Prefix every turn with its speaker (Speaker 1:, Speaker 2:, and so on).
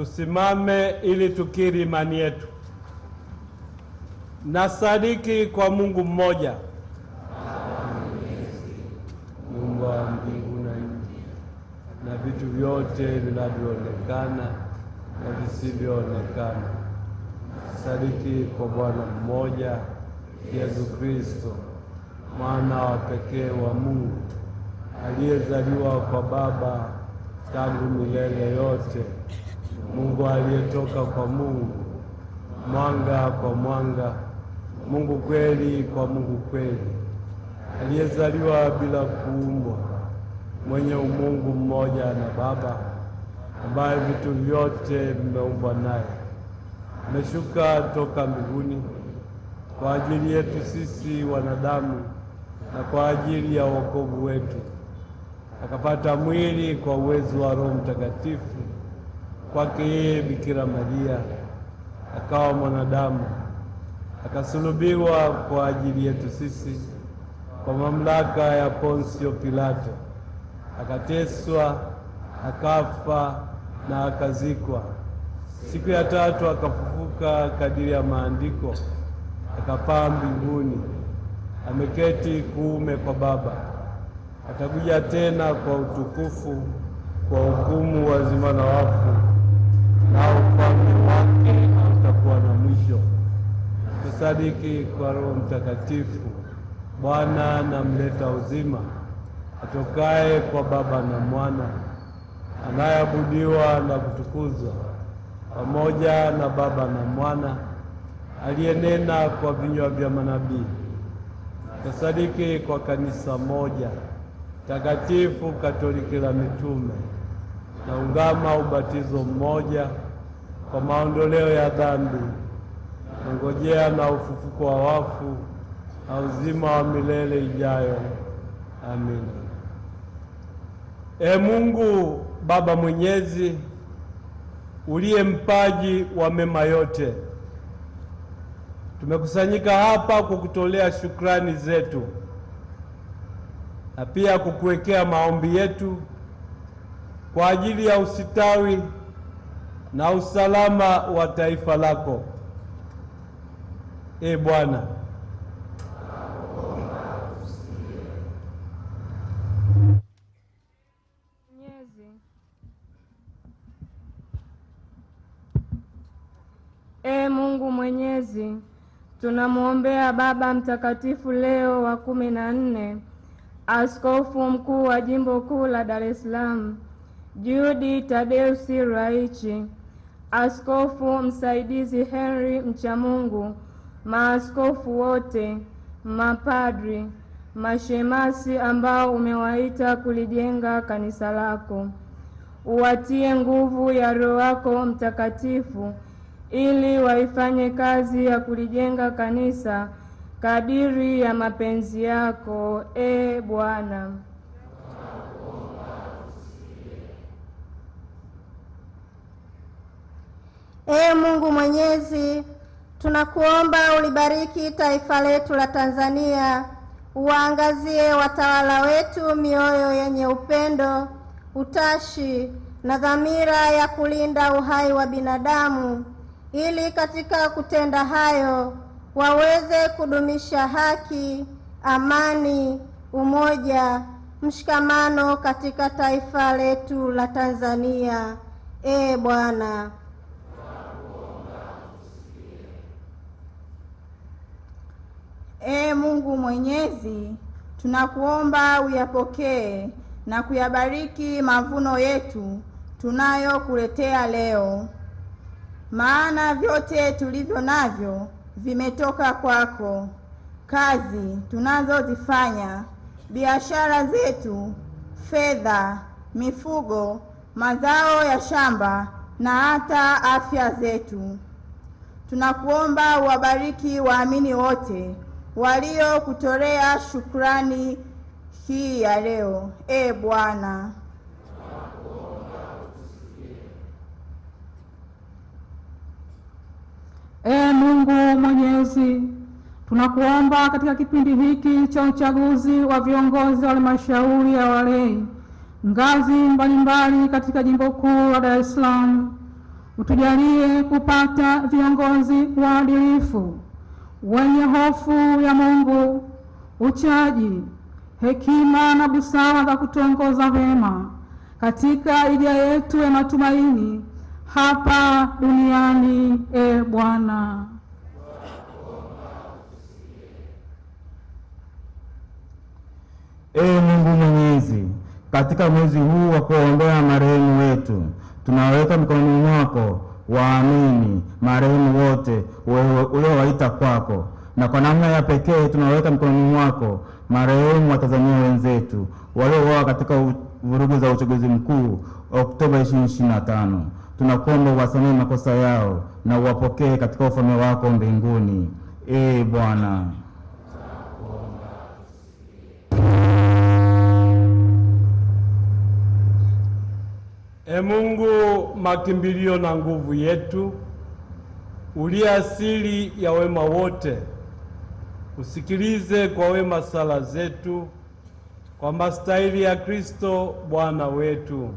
Speaker 1: Tusimame ili tukiri imani yetu. Nasadiki kwa Mungu mmoja, Mungu wa mbingu na nchi, na vitu vyote vinavyoonekana na visivyoonekana. Nasadiki kwa Bwana mmoja, Yesu Kristo, mwana wa pekee wa Mungu, aliyezaliwa kwa Baba tangu milele yote Mungu aliyetoka kwa Mungu, mwanga kwa mwanga, Mungu kweli kwa Mungu kweli, aliyezaliwa bila kuumbwa, mwenye umungu mmoja na Baba, ambaye vitu vyote vimeumbwa naye, ameshuka toka mbinguni kwa ajili yetu sisi wanadamu na kwa ajili ya wokovu wetu, akapata mwili kwa uwezo wa Roho Mtakatifu kwake yeye Bikira Maria akawa mwanadamu, akasulubiwa kwa ajili yetu sisi kwa mamlaka ya Ponsio Pilato, akateswa, akafa na akazikwa. Siku ya tatu akafufuka kadiri ya Maandiko, akapaa mbinguni, ameketi kuume kwa Baba. Atakuja tena kwa utukufu kwa hukumu wazima na wafu sadiki kwa Roho Mtakatifu, Bwana namleta uzima, atokaye kwa Baba na Mwana, anayeabudiwa na kutukuzwa pamoja na Baba na Mwana, aliyenena kwa vinywa vya manabii. Kusadiki kwa kanisa moja takatifu Katoliki la mitume na ungama ubatizo mmoja kwa maondoleo ya dhambi ngojea na ufufuko wa wafu na uzima wa milele ijayo. Amin. E Mungu Baba Mwenyezi, uliye mpaji wa mema yote, tumekusanyika hapa kukutolea shukrani zetu na pia kukuwekea maombi yetu kwa ajili ya usitawi na usalama wa taifa lako. E Bwana,
Speaker 2: E Mungu Mwenyezi, tunamwombea Baba Mtakatifu Leo wa kumi na nne, askofu mkuu wa jimbo kuu la Dar es Salaam, Judi Tadeusi Raichi, askofu msaidizi Henry Mchamungu maaskofu wote, mapadri, mashemasi ambao umewaita kulijenga kanisa lako. Uwatie nguvu ya Roho wako Mtakatifu ili waifanye kazi ya kulijenga kanisa kadiri ya mapenzi yako, e Bwana.
Speaker 3: E Mungu Mwenyezi Tunakuomba ulibariki taifa letu la Tanzania, uwaangazie watawala wetu mioyo yenye upendo, utashi na dhamira ya kulinda uhai wa binadamu, ili katika kutenda hayo waweze kudumisha haki, amani, umoja, mshikamano katika taifa letu la Tanzania. Ee Bwana
Speaker 4: Ee Mungu Mwenyezi, tunakuomba uyapokee na kuyabariki mavuno yetu tunayokuletea leo, maana vyote tulivyo navyo vimetoka kwako. Kazi tunazozifanya, biashara zetu, fedha, mifugo, mazao ya shamba na hata afya zetu, tunakuomba uwabariki waamini wote waliokutolea shukrani hii ya leo. E Bwana,
Speaker 5: E Mungu Mwenyezi, tunakuomba katika kipindi hiki cha uchaguzi wa viongozi wa halmashauri ya walei ngazi mbalimbali katika jimbo kuu la Dar es Salaam, utujalie kupata viongozi waadilifu wenye hofu ya Mungu, uchaji, hekima na busara za kutongoza vema katika hija yetu ya matumaini hapa duniani. E Bwana,
Speaker 6: e Mungu Mwenyezi, katika mwezi huu wa kuombea marehemu wetu tunawaweka mikononi mwako waamini marehemu wote uliowaita kwako, na kwa namna ya pekee tunaweka mikononi mwako marehemu wa Tanzania wenzetu waliouawa katika vurugu za uchaguzi mkuu Oktoba 2025. Tunakuomba uwasamee makosa yao na uwapokee katika ufalme wako mbinguni. Ee Bwana.
Speaker 1: E Mungu makimbilio na nguvu yetu, uliye asili ya wema wote, usikilize kwa wema sala zetu kwa mastahili ya Kristo Bwana wetu.